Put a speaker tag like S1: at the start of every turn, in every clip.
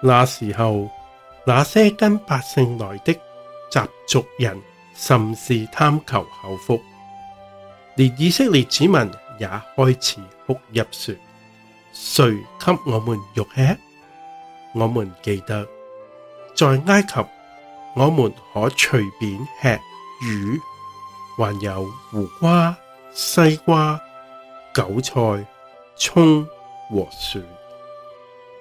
S1: 那時候，那些跟百姓來的雜族人，甚是貪求口腹，連以色列子民也開始哭泣說：誰給我們肉吃？我們記得在埃及，我們可隨便吃魚，還有胡瓜、西瓜、韭菜、蔥和蒜。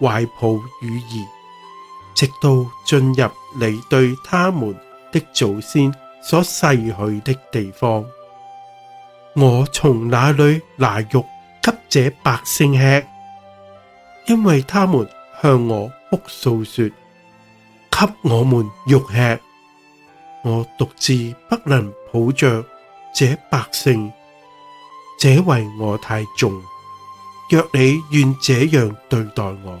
S1: 懷抱乳兒，直到進入你對他們的祖先所誓許的地方。我從哪裏拿肉給這百姓吃？因為他們向我哭訴說：給我們肉吃，我獨自不能抱着這百姓，這為我太重。若你願這樣對待我。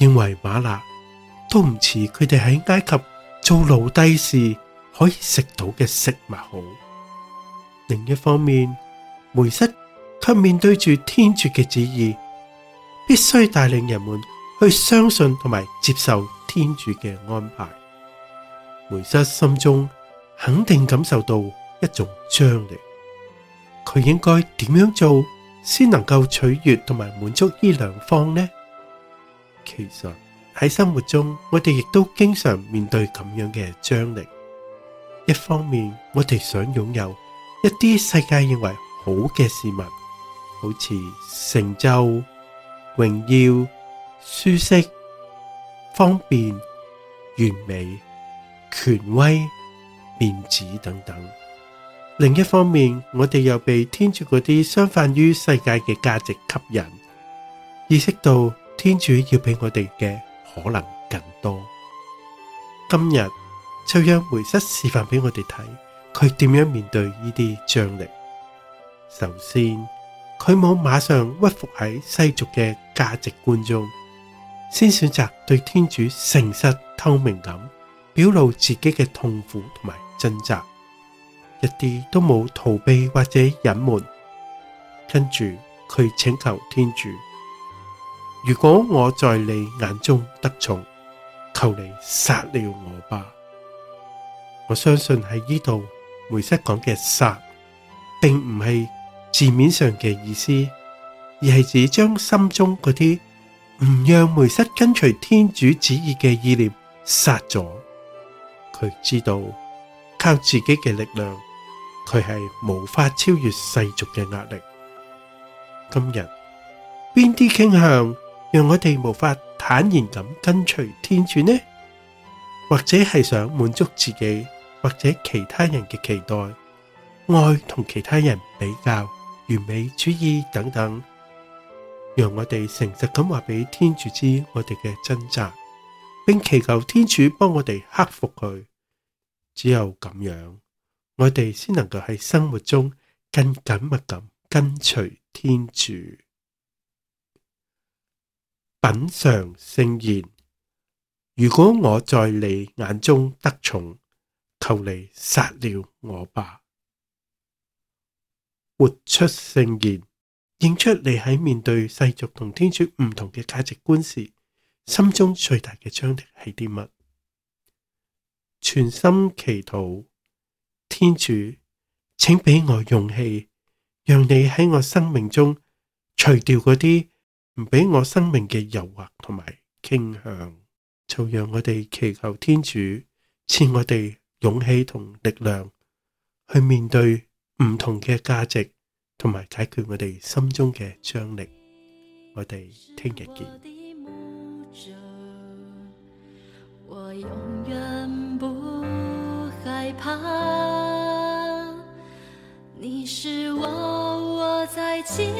S1: 認為瑪納都唔似佢哋喺埃及做奴隸時可以食到嘅食物好。另一方面，梅瑟卻面對住天主嘅旨意，必須帶領人們去相信同埋接受天主嘅安排。梅瑟心中肯定感受到一種張力，佢應該點樣做先能夠取悅同埋滿足呢兩方呢？其實喺生活中，我哋亦都經常面對咁樣嘅張力。一方面，我哋想擁有一啲世界認為好嘅事物，好似成就、榮耀、舒適、方便、完美、權威、面子等等；另一方面，我哋又被天主嗰啲相反於世界嘅價值吸引，意識到，天主要俾我哋嘅可能更多，今日就讓梅瑟示範俾我哋睇佢點樣面對呢啲張力。首先，佢冇馬上屈服喺世俗嘅價值觀中，先選擇對天主誠實透明咁表露自己嘅痛苦同埋掙扎，一啲都冇逃避或者隱瞞。跟住佢請求天主。如果我在你眼中得寵，求你殺了我吧！我相信喺呢度，梅瑟講嘅殺，並唔係字面上嘅意思，而係指將心中嗰啲唔讓梅瑟跟隨天主旨意嘅意念殺咗。佢知道靠自己嘅力量，佢係無法超越世俗嘅壓力。今日邊啲傾向，讓我哋無法坦然咁跟隨天主呢？或者係想滿足自己或者其他人嘅期待，愛同其他人比較、完美主義等等，讓我哋誠實咁話俾天主知我哋嘅掙扎，並祈求天主幫我哋克服佢。只有咁樣，我哋先能夠喺生活中更緊密咁跟隨天主。品嘗聖言，如果我在你眼中得寵，求你殺了我吧。活出聖言，認出你喺面對世俗同天主唔同嘅價值觀時，心中最大嘅張力係啲乜？全心祈禱，天主，請俾我勇氣，讓你喺我生命中除掉嗰啲。唔俾我生命嘅誘惑同埋傾向，就讓我哋祈求天主賜我哋勇氣同力量去面對唔同嘅價值，同埋解決我哋心中嘅張力。我哋聽日見。